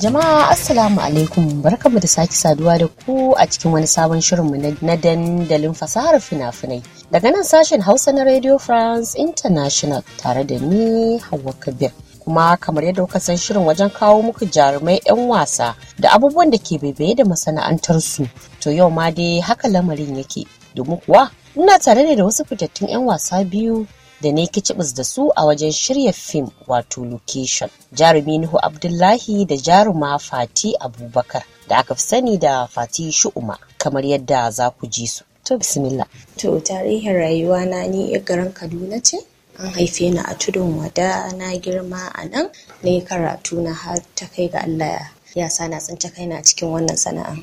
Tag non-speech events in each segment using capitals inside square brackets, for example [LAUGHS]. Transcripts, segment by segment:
Jama'a Assalamu alaikum barkamu da sake saduwa da ku a cikin wani sabon shirin mu na dandalin fasahar fina-finai. Daga nan sashen Hausa na Radio France International tare da ni Hauwa Kabir. kuma kamar yadda kuka san shirin wajen kawo muku jarumai 'yan wasa da abubuwan da ke bebe da masana'antarsu to yau ma dai haka lamarin yake domin kuwa ina tare ne da wasu fitattun 'yan wasa biyu da ne kicibis da su a wajen shirya fim wato location jarumi nuhu abdullahi da jaruma fati abubakar da aka fi sani da fati shu'uma kamar yadda za ku ji su to bismillah to tarihin rayuwa na ni garin kaduna ce an haife ni a tudun wada na girma a nan Ne karatuna karatu na har ta kai ga allah ya sa na tsinci kaina cikin wannan sana'a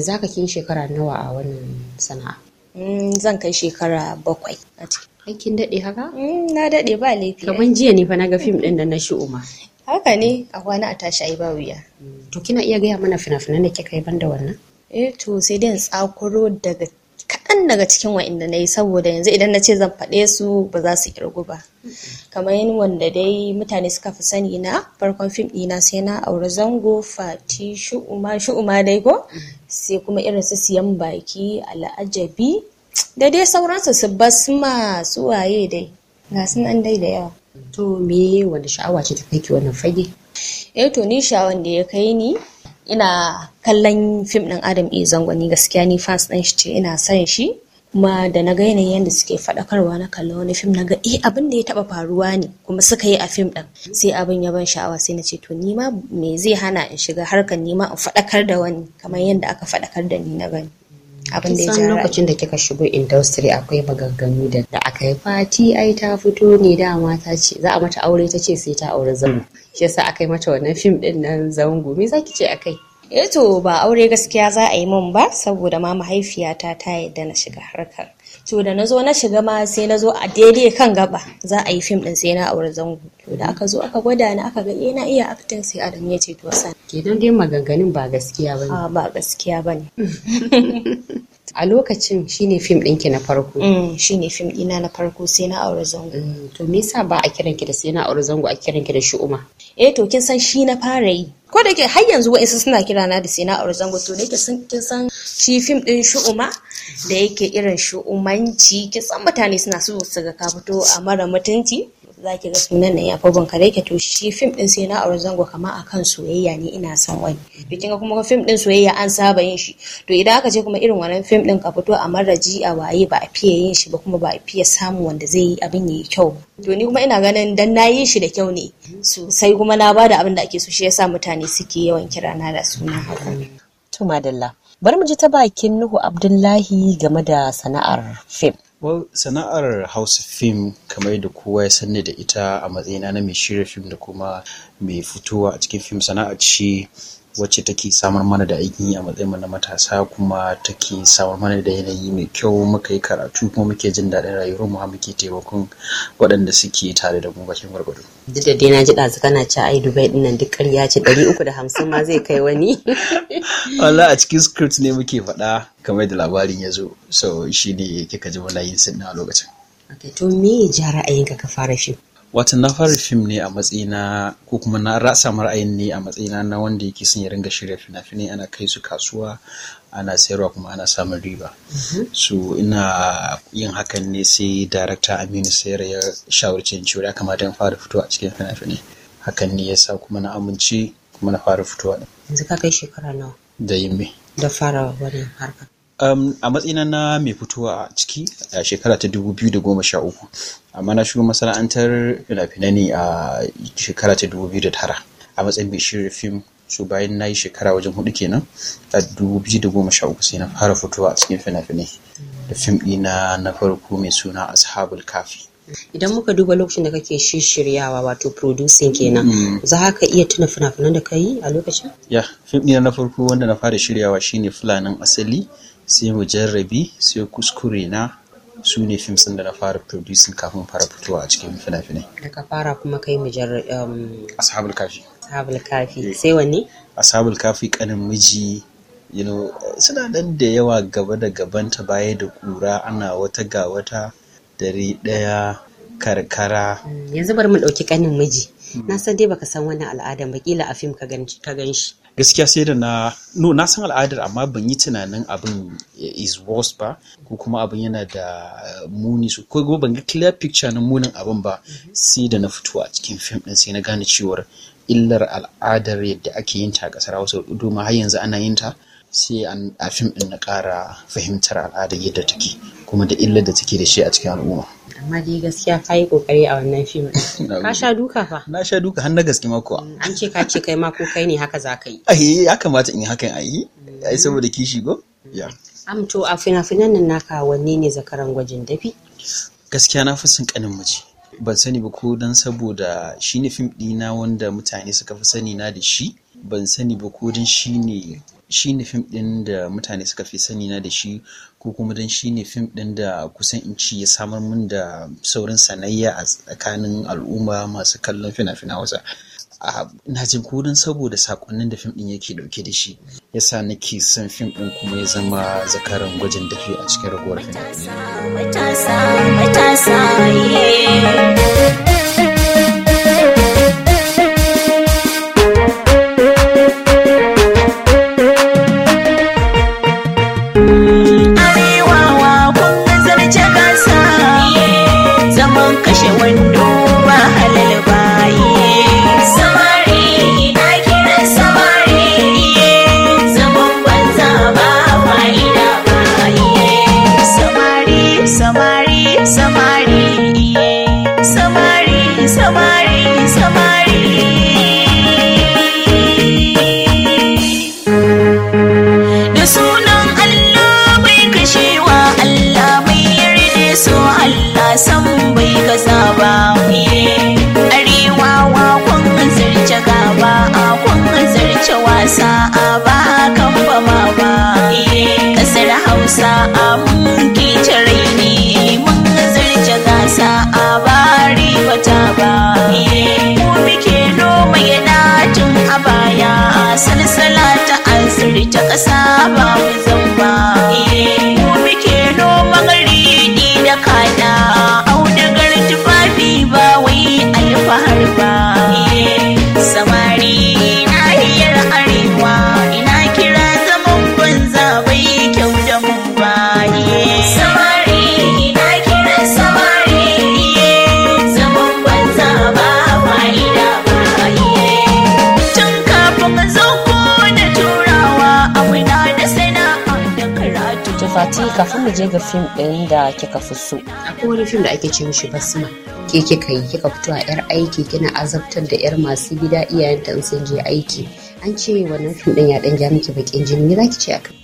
za ka kin shekara nawa a wannan sana'a mm, zan kai shekara bakwai a ciki Aikin daɗe haka? Mm, na daɗe ba laifi. Kaman jiya ne fa na fim ɗin da na shi Umar. Haka ne a kwana a tashi ayi ba wuya. To kina iya gaya mana fina-finan da kika yi banda wannan? Eh to sai dai in tsakuro daga kaɗan daga cikin wa'inda na yi saboda yanzu idan na ce zan faɗe su ba za su ba kamar yin wanda dai mutane suka fi sani na farkon fim ɗina sai na auri zango fati shu'uma shu'uma dai ko mm. sai kuma irin su siyan baki al'ajabi da dai sauransu su basma su waye dai ga sunan dai da yawa to me wanda sha'awa ce ta kai ki wannan fage eh to ni sha'awan da ya kai ni ina kallon fim ɗin adam e zangoni gaskiya ni fans ɗin shi ce ina son shi kuma da na ga yanayin yadda suke faɗakarwa na kalla wani fim na ga eh abin da ya taɓa faruwa ne kuma suka yi a fim ɗin sai abin ya ban sha'awa sai na ce to ni ma me zai hana in shiga harkar ni ma in faɗakar da wani kamar yadda aka faɗakar da ni na gani abin da ya lokacin da kika shigo industry akwai maganganu da da aka yi fati ai ta fito ne dama ta ce za a mata aure ta ce sai ta aure zango shi yasa aka yi mata wannan fim din nan zango me zaki ce akai eh to ba aure gaskiya za a yi mun ba saboda ma mahaifiyata ta yarda na shiga harkar to da na zo na shiga ma sai na zo a daidai kan gaba za a yi fim din sai na aure zango to da aka zo aka gwada ni aka ga eh na iya acting sai Adam ya ce to san ke don dai maganganun ba gaskiya bane a ba gaskiya bane [LAUGHS] a lokacin shine fim ki na farko mm, shine fim ɗina na farko sai na aure zango mm, to me yasa ba a kiranki da sai na aure zango a kiranki da shu'uma eh to kin san shi na fara yi ko da ke har yanzu wa'insu suna kirana da sai na aure zango to da yake kin san shi fim ɗin shu'uma da yake irin shu'umanci ki mutane suna so su ga ka fito a mara mutunci za ki ga sunan nan ya fi banka da to shi fim din sai na aure zango kama akan soyayya ne ina son wani to kinga kuma fim din soyayya an saba yin shi to idan aka ce kuma irin wannan fim din ka fito a mara ji a waye ba a fiye yin shi ba kuma ba a fiye samu wanda zai yi abin yayi kyau to ni kuma ina ganin dan na yi shi da kyau ne sosai kuma na bada abin da ake so shi yasa mutane suke yawan kira na da suna haka to madalla bari mu ji ta bakin nuhu abdullahi game da sana'ar fim Well, sana'ar Hausa fim kamar da kowa ya sani da ita a matsayina na mai shirya fim da kuma mai fitowa a cikin fim sana'a ce wacce take samar mana da aikin yi a matsayin na matasa kuma take samar mana da yanayi mai kyau muka yi karatu kuma muke jin daɗin rayuwar mu muke taimakon waɗanda suke tare da mu bakin gwargwado. Duk da dai na ji ɗazu kana ci ai Dubai ɗin nan duk ƙarya ce ɗari uku da hamsin ma zai kai wani. [LAUGHS] Wala a cikin script ne muke faɗa kamar da labarin ya zo so shi ne kika ji muna yin sinna a lokacin. Okay, to me ya ja ra'ayinka ka fara fim? Wata na fara fim ne a matsayina ko kuma na rasa ra'ayin ne a matsayina na wanda yake son ya ringa shirya fina-finai ana kai su kasuwa ana sayarwa kuma ana samun riba. Mm-hmm. So ina yin hakan ne sai darakta Aminu Sayar ya shawarci in cewa ya kamata in fara fitowa a cikin fina-finai. Hakan ne yasa kuma na amince kuma na fara fitowa. Yanzu ka kai shekara nawa? Da yin me? Da fara wani harkar. Um, a matsayina na mai fitowa a ciki a shekara ta 2013 amma na shiga masana'antar fina-finai ne a shekara ta 2009 a matsayin mai shirya fim su bayan na yi shekara wajen hudu kenan a 2013 sai na fara fitowa a cikin fina-finai da fim ɗina na farko mai suna ashabul kafi idan muka duba lokacin da kake shiryawa wato producing kenan mm. za ka iya tuna fina-finan da ka yi a lokacin ya fim ɗina na farko wanda na fara shiryawa shine fulanin asali sai mu jarrabi, sai kuskure na su ne fim sun da na fara producing kafin fara fitowa a cikin fina-finai daga fara kuma kai mujarrabi um... ashabul kafi ashabul kafi eh. sai wanne ashabul kafi kanin miji you know suna nan da yawa gaba da gabanta baya da kura ana wata ga wata dari daya karkara mm, yanzu bar mu dauki kanin miji hmm. na san dai baka san wannan al'adan ba kila a fim ka gan shi gaskiya sai da na no na san al'adar amma ban yi tunanin abin is worse ba ko kuma abin yana da muni su ko ban ga clear picture na munin abin ba sai da na fito a cikin fim din sai na gane cewar illar al'adar yadda ake yin ta a kasar Hausa domin har yanzu ana yin ta sai a fim ɗin na ƙara fahimtar al'adar yadda take kuma da illar da take da shi a cikin al'umma amma dai gaskiya ka yi kokari a wannan fim [LAUGHS] ka sha duka fa na sha duka har na gaske ma kuwa mm, an ce ka ce kai ma ko kai ne haka za ka yi ai ya kamata in yi hakan ayi ai saboda kishi go ya to a fina-finan nan naka wanne ne zakaran gwajin dafi gaskiya na fi son kanin mace ban sani ba ko dan saboda shi ne fim ɗina wanda mutane suka fi sani na da shi ban sani ba ko dan shi ne shi ne fim ɗin da mutane suka fi sani na da shi ko kuma don shi ne fim ɗin da kusan in ci ya samar min da saurin sanayya a tsakanin al'umma masu kallon fina-fina a na jin kodin saboda sakonnin da fim ɗin yake ɗauke da shi ya yasa nake son fim ɗin kuma ya zama zakaran gwajin dafi a cikin ragowar fina fina anti kafin mu je ga fim ɗin da kika fi so akwai wani fim da ake ce mishi basma ke kika yi kika fito a yar aiki kina azabtar da yar masu gida iyayenta in sun je aiki an ce wannan fim ɗin ya ɗan ja miki bakin jini za ki ce akan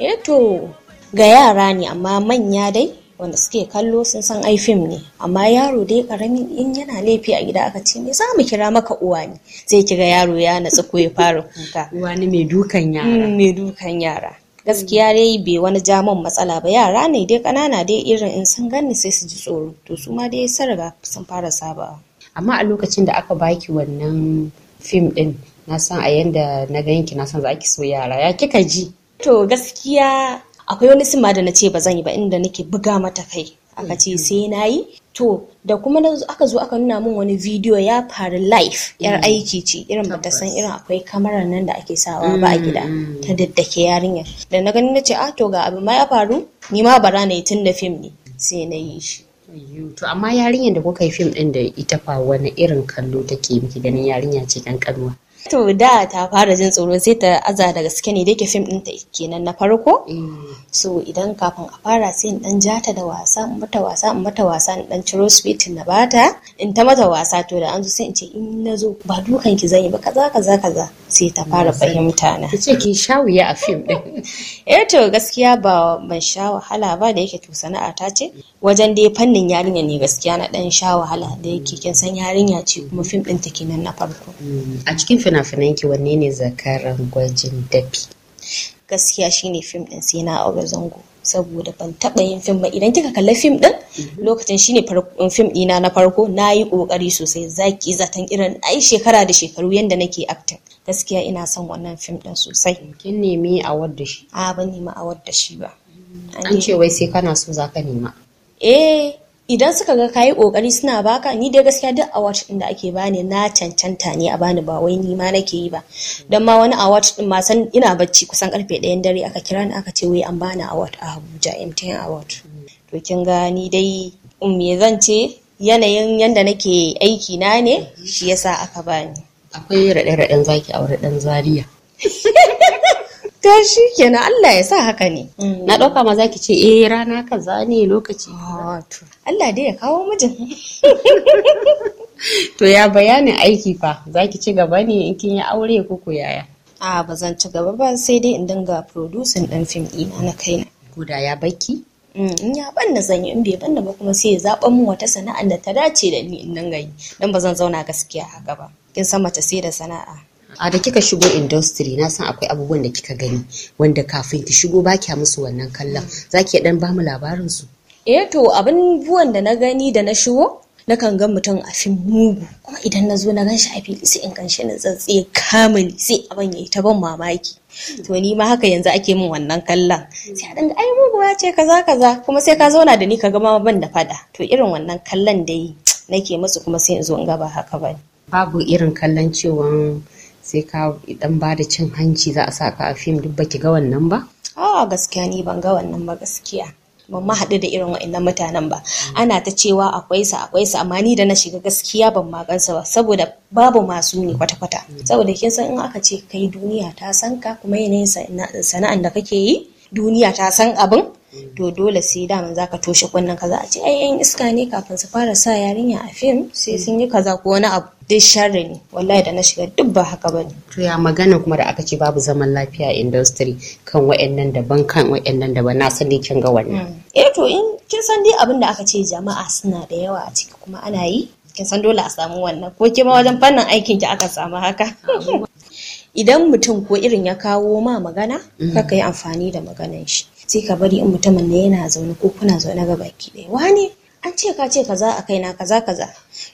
eh to ga yara ne amma manya dai wanda suke kallo sun san ai fim ne amma yaro dai karami in yana laifi a gida aka ce me za mu kira maka uwa ne sai kiga yaro ya natsu ko ya fara kuka uwa ne mai dukan yara mm, mai dukan yara gaskiya mm. dai bai wani ja matsala ba yara ne dai kanana dai irin in sun ganni sai su ji tsoro to su ma dai sun riga sun fara saba. amma a lokacin da aka baki wannan fim din na san a yanda na ganki na san za ki so yara ya kika ji to gaskiya akwai wani sima da na ce ba zan yi ba inda nake buga mata kai aka ce mm-hmm. sai na yi to da kuma aka zo aka nuna min wani bidiyo ya faru live yar mm-hmm. aiki ce irin ba ta san irin akwai kamarar nan da ake sawa ba a gida mm-hmm. ta daddake yarinyar da na gani na ce a ah, to ga abin ma ya faru ni ma bara na yi tun da fim ne sai na yi shi to amma yarinyar da kuka yi fim din da ita fa wani irin kallo take miki ganin yarinya ce kanuwa to da ta fara jin tsoro sai ta aza da gaske ne dake fim ɗinta kenan na farko so idan kafin a fara sai in dan jata da wasa in mata wasa in mata wasa in dan ciro sweet na bata in ta mata wasa to da an zo sai in ce in na zo ba dukan ki zan yi ba kaza kaza kaza sai ta fara fahimta na. ce ki sha wuya a fim din. [LAUGHS] Eh to gaskiya ba ban sha wahala ba da yake to sana'a ta ce wajen dai fannin yarinya ne gaskiya na ɗan sha wahala da yake kin san yarinya ce kuma fim din ta kenan na farko. Mm, a cikin fina-finan ki wanne ne zakaran gwajin dafi? Gaskiya shine fim din sai na aure zango. saboda ban taɓa yin fim ba idan kika kalli fim ɗin mm-hmm. lokacin shine fim ɗina na farko na yi ƙoƙari sosai zaki zaton irin ai shekara da shekaru yadda nake acting gaskiya ina son wannan fim din sosai kin nemi a da shi a ban nemi a da shi ba an ce wai sai kana so za ka nema eh idan suka ga kayi kokari suna baka ni dai gaskiya duk award din da ake bani na cancanta ne a bani ba wai ni ma nake yi ba dan ma wani award din ma san ina bacci kusan karfe 1 dare aka kira ni aka ce wai an bani award a Abuja MTN award to kin ga ni dai um, me zan ce yanayin yanda nake aiki na ne shi yasa aka bani akwai raɗe-raɗen zaki aure ɗan Zariya. [LAUGHS] ta shi kenan Allah ya sa haka ne mm. na ɗauka ma zaki ce eh rana kaza ne lokaci ah, Allah dai ya kawo mijin [LAUGHS] to ya bayanin aiki fa zaki ci gaba ne in kin yi aure ko ko yaya a ba zan ci gaba ba sai dai in dinga producing ɗin fim ɗina na kaina guda ya baki mm, in ya banna zan yi in bai banna ba kuma sai ya zaɓa min wata sana'ar da ta dace da ni in dinga yi dan ba zan zauna gaskiya haka ba kin san mace sai da sana'a a da kika shigo industry na san akwai abubuwan da kika gani wanda kafin ki shigo ba kya musu wannan kallon zaki dan ba mu labarin su eh to abubuwan da na gani da na shigo na kan ga mutum a fim mugu kuma idan na zo na gan shi a fili sai in ganshi na tsatsi kamali sai abin yayi ta ban mamaki to ni ma haka yanzu ake min wannan kallon sai a dinga ai ya ce kaza kaza kuma sai ka zauna da ni ka ga ma ban da fada to irin wannan kallon da dai nake musu kuma sai in zo in ga ba haka bane babu irin kallon cewa sai ka dan ba da cin hanci za a saka a fim duk baki ga wannan ba? Oh gaskiya ni ban ga wannan ba gaskiya. Ban ma haɗu da irin wa'annan mutanen ba. Ana ta cewa akwai sa akwai sa amma ni da na shiga gaskiya ban ma gansa ba saboda babu masu ne kwata-kwata. Saboda kin san in aka ce kai duniya ta san ka kuma yanayin sana'an da kake yi duniya ta san abin to dole sai daman zaka toshe kunnen kaza a ce ai iska ne kafin su fara sa yarinya a fim sai sun yi kaza ko wani abu. duk sharri ne wallahi da na shiga duk ba haka bane to ya magana kuma da aka ce babu zaman lafiya a industry kan wayannan daban kan wayannan daban na sani kin ga wannan mm. eh to in kin san dai abin da aka ce jama'a suna da yawa a ciki kuma ana yi kin san dole a samu wannan ko kima wajen fannin aikin ki aka samu haka [LAUGHS] idan mutum ko irin ya kawo ma magana mm. kaka yi amfani da maganan shi sai ka bari in mutumin ne yana zaune ko kuna zaune ga baki ɗaya wani an ce ka ce kaza a kaina kaza kaza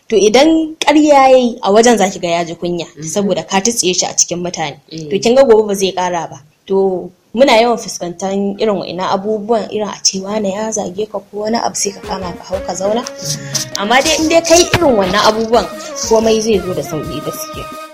to idan ƙarya yi a wajen zaki ga yaji kunya mm-hmm. saboda ka tutsiye shi a cikin mutane mm. to kin ga gobe ba zai ƙara ba to muna yawan fuskantar irin wa'ina abubuwan irin a cewa na ya zage ka ko wani abu sai ka kama ka hau ka zauna amma dai in dai kai irin wannan abubuwan komai zai zo da sauƙi gaskiya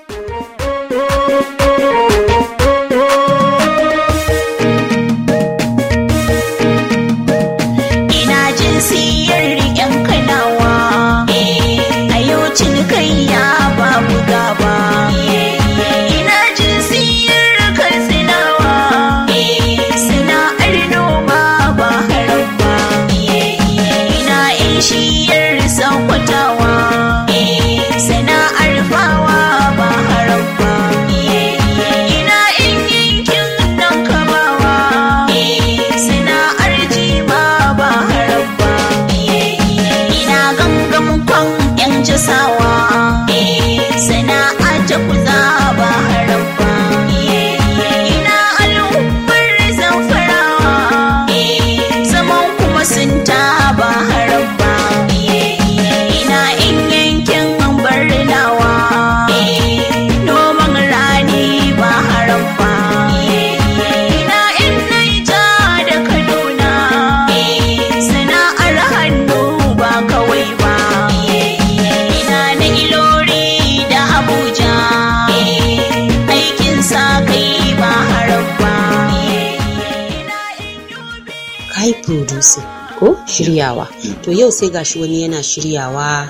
shiryawa to yau sai gashi wani yana shiryawa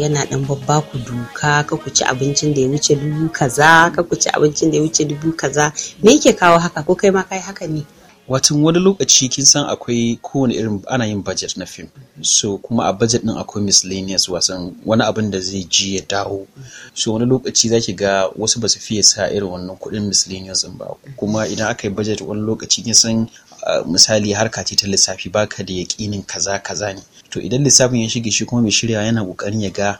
yana dan babba ku duka ka ku ci abincin da ya wuce dubu kaza ka ku ci abincin da ya wuce dubu kaza me yake kawo haka ko kai ma kai haka ne Watan wani lokaci kin san akwai kowane irin ana yin budget na fim. So kuma a budget din akwai miscellaneous wasan wani abin da zai ji ya dawo. So wani lokaci zaki ga wasu ba su fiye sa irin wannan kuɗin miscellaneous din ba. Kuma idan aka yi budget wani lokaci kin san misali harka ce ta lissafi baka da yaƙinin kaza kaza ne. To idan lissafin ya shige shi kuma mai shirya yana ƙoƙarin ya ga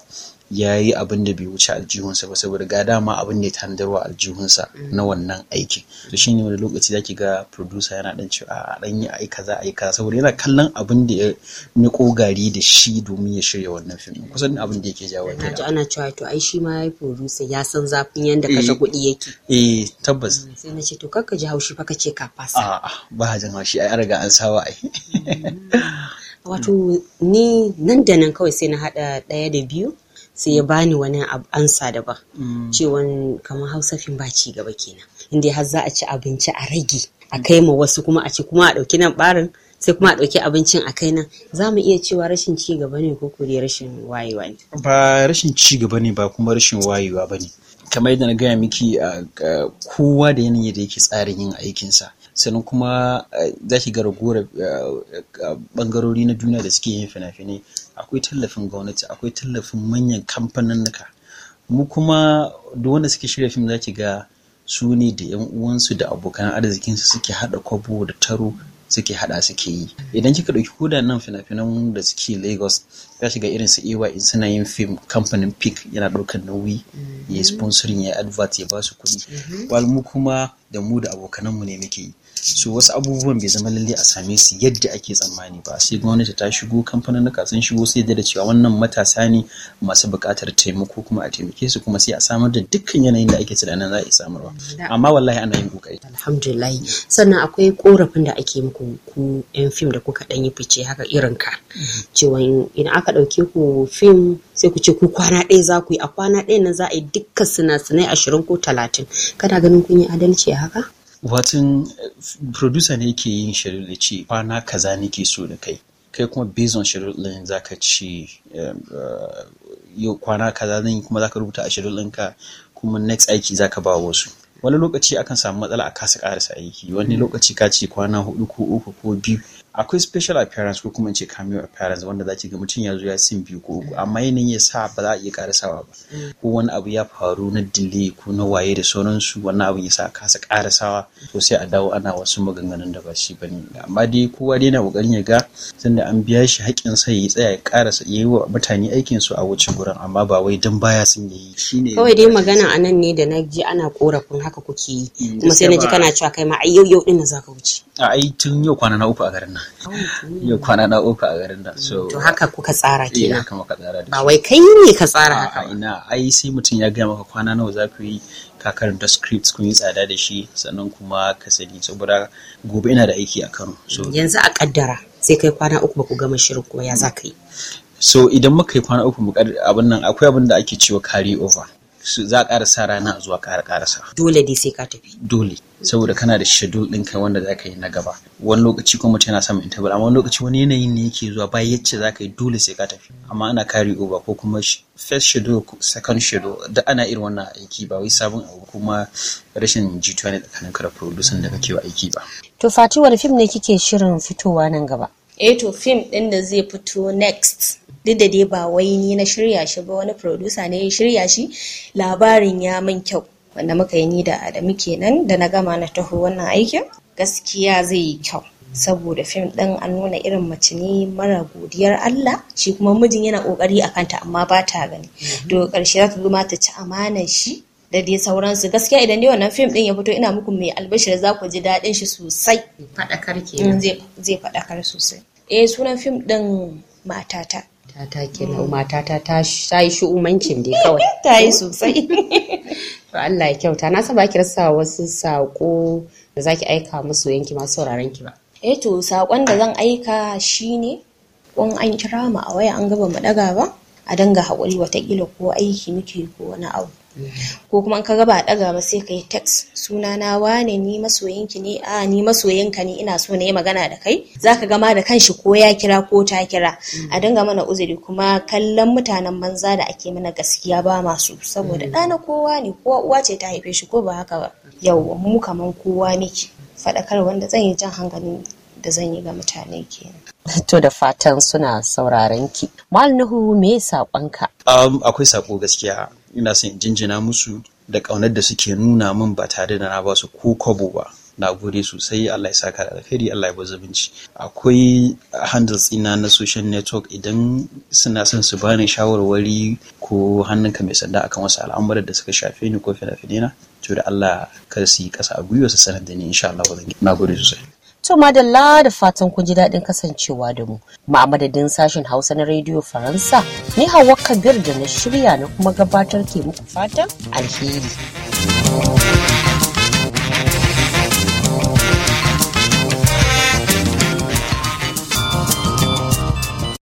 ya yi abin da bai wuce aljihunsa ba saboda ga dama abin da ya tandarwa aljihunsa mm. na wannan aikin to shine wani lokaci zaki ga producer yana dan cewa a dan yi za a yi kaza saboda yana kallon abin da ya niko gari da shi domin ya shirya wannan fim kusan abin da yake jawo kenan ji ana cewa to ai shi ma ya producer ya san zafin yanda kashe eh. kuɗi yake eh tabbas mm, sai na ce to kakka ji haushi fa kace ka fasa a'a ba jin haushi ai an riga an sawa ai mm. wato ni nan da nan kawai sai na hada daya da biyu sai ya bani wani ansa daban mm. cewan kamar hausa fim ba ci gaba kenan inda har za a ci abinci a rage a kai ma wasu kuma a ci kuma a ɗauki nan barin sai kuma a ɗauki abincin a kai nan za mu iya cewa rashin ci gaba ne ko kuri rashin wayewa ne ba rashin ci gaba ne ba kuma rashin wayewa ba ne kamar yadda na gaya miki a kowa da yanayi da yake tsarin yin aikinsa sannan kuma za ki ga ragowar bangarori na duniya da suke yin fina-finai akwai tallafin gwamnati akwai tallafin manyan kamfaninnika mu kuma duk wanda suke shirya fim zaki ga su ne da yan uwansu da abokan su suke hada kwabo da taro suke hada suke yi idan kika ɗauki koda nan fina-finan da suke lagos za shiga irin su in suna yin fim kamfanin pic yana ɗaukar nauyi mm-hmm. ya sponsoring ya advert ya ba su kuɗi mm-hmm. mu kuma da mu da abokananmu ne muke yi su wasu abubuwan bai zama lalle a same su yadda ake tsammani ba sai gwamnati ta shigo kamfanin sun shigo sai da cewa wannan matasa ne masu buƙatar taimako kuma a taimake su kuma sai a samar da dukkan yanayin da ake tunanin za a yi samarwa amma wallahi ana yin kokari alhamdulillah sannan akwai korafin da ake muku ku yan fim da kuka ɗan yi fice haka irin ka cewa idan aka ɗauke ku fim sai ku ce ku kwana ɗaya za ku yi a kwana ɗaya nan za a yi dukkan sinasinai ashirin ko talatin kana ganin kun yi adalci haka watan eh, producer ne ke yin shirin da ce kwana kaza nake so da kai kai kuma based on ne din zaka ce eh, eh, yau kwana kaza zan kuma zaka rubuta a shirin ɗinka kuma next aiki zaka ba wasu wani lokaci akan samu matsala a kasa karasa aiki wani lokaci ka ce kwana hudu ko uku ko biyu akwai special appearance ko kuma in ce cameo appearance wanda za ki ga mutum ya zo ya sin biyu ko uku amma yanayin ya sa ba za a iya karasawa ba ko wani abu ya faru na dile ko na waye da sauransu wannan abu ya sa kasa karasawa to sai a dawo ana wasu maganganun da ba shi ba ne amma dai kowa dai na kokarin ya ga tunda an biya shi haƙƙin sa ya tsaya ya karasa ya yi wa mutane aikin su a wuce gurin amma ba wai dan baya sun yi ne kawai dai magana a nan ne da na ji ana korafin haka kuke yi mm, kuma sai na ji kana cewa kai ma ai yau yau din za ka wuce a ai tun yau kwana na uku a garin nan yau kwana na uku a garin da so to haka kuka tsara eh, kenan haka muka tsara ba wai kai ne ka tsara haka ina ai sai mutum ya gaya maka kwana nawa za ku yi ka karanta scripts kun yi tsada da shi sannan kuma ka sani saboda gobe ina da aiki a Kano so yanzu a kaddara sai kai kwana uku ba ku gama shirin kuma ya za ka yi so idan muka yi kwana uku mu abin nan akwai abin da ake cewa carry over za a ƙara sa rana zuwa ƙara sa Dole dai sai ka tafi. Dole. saboda kana da schedule ɗinka wanda za ka yi na gaba wani lokaci kuma mutum yana samun interval amma wani lokaci wani yanayin ne yake zuwa bayan yacce za ka yi dole sai ka tafi amma ana carry over ko kuma first schedule ko second schedule da ana irin wannan aiki ba wai sabon abu kuma rashin jituwa ne tsakanin kara producer da kake wa aiki ba. to fati wani fim ne kike shirin fitowa nan gaba. eh to fim ɗin da zai fito next duk da dai ba wai ni na shirya shi ba wani producer ne ya shirya shi labarin ya min kyau wanda muka yi ni da Adamu kenan da na gama na taho wannan aikin gaskiya zai yi kyau saboda fim ɗin an nuna irin mace ne mara godiyar Allah shi kuma mijin yana kokari a kanta amma ba ta gani mhm. to karshe za ta zo ci amanar shi da dai sauransu gaskiya idan dai wannan fim din ya fito ina muku mai albashir za ku ji daɗin shi sosai faɗakar mm, ke zai faɗakar sosai eh sunan fim ɗin matata matata kenan mm. matata ta yi shu'umancin dai kawai [LAUGHS] ta yi sosai [LAUGHS] Allah ya kyauta na saba ki rasa wasu saƙo da zaki aika musu yanki masu sauraron ki ba eh to saƙon da zan aika shine in an kira mu a waya an gaba mu daga ba a danga haƙuri watakila ko aiki muke ko wani abu ko kuma ka gaba ɗaga ba sai ka yi tax. suna na wane ni masoyinki ne a ni masoyinka ne ina so na yi magana da kai zaka gama da kanshi ko ya kira ko ta kira a dinga mana uzuri kuma kallon mutanen banza da ake mana gaskiya ba masu saboda ɗana kowa ne kowa uwa ce ta haife shi ko ba haka ba yau mu kaman kowa muke faɗakar wanda zan yi jan hankalin da zan yi ga mutane kenan To da fatan suna sauraron ki. Mal Nuhu me saƙonka? Um, akwai saƙo gaskiya ina son jinjina musu da ƙaunar da suke nuna min ba tare da na ba su ko kwabo ba. na gode sosai Allah ya saka da alheri Allah ya ba zumunci akwai handles ina na social network idan suna son su bani shawarwari ko hannunka mai sanda akan wasu al'amuran da suka shafe ni ko fina-finina to da Allah kar su yi kasa a gwiwa su sanar da ni insha Allah na gode sosai To madalla da fatan kun ji daɗin kasancewa da mu. Ma'amadadin sashen Hausa na Rediyo Faransa ni Hauwa Kabir da na shirya na kuma gabatar ke muku fatan alheri.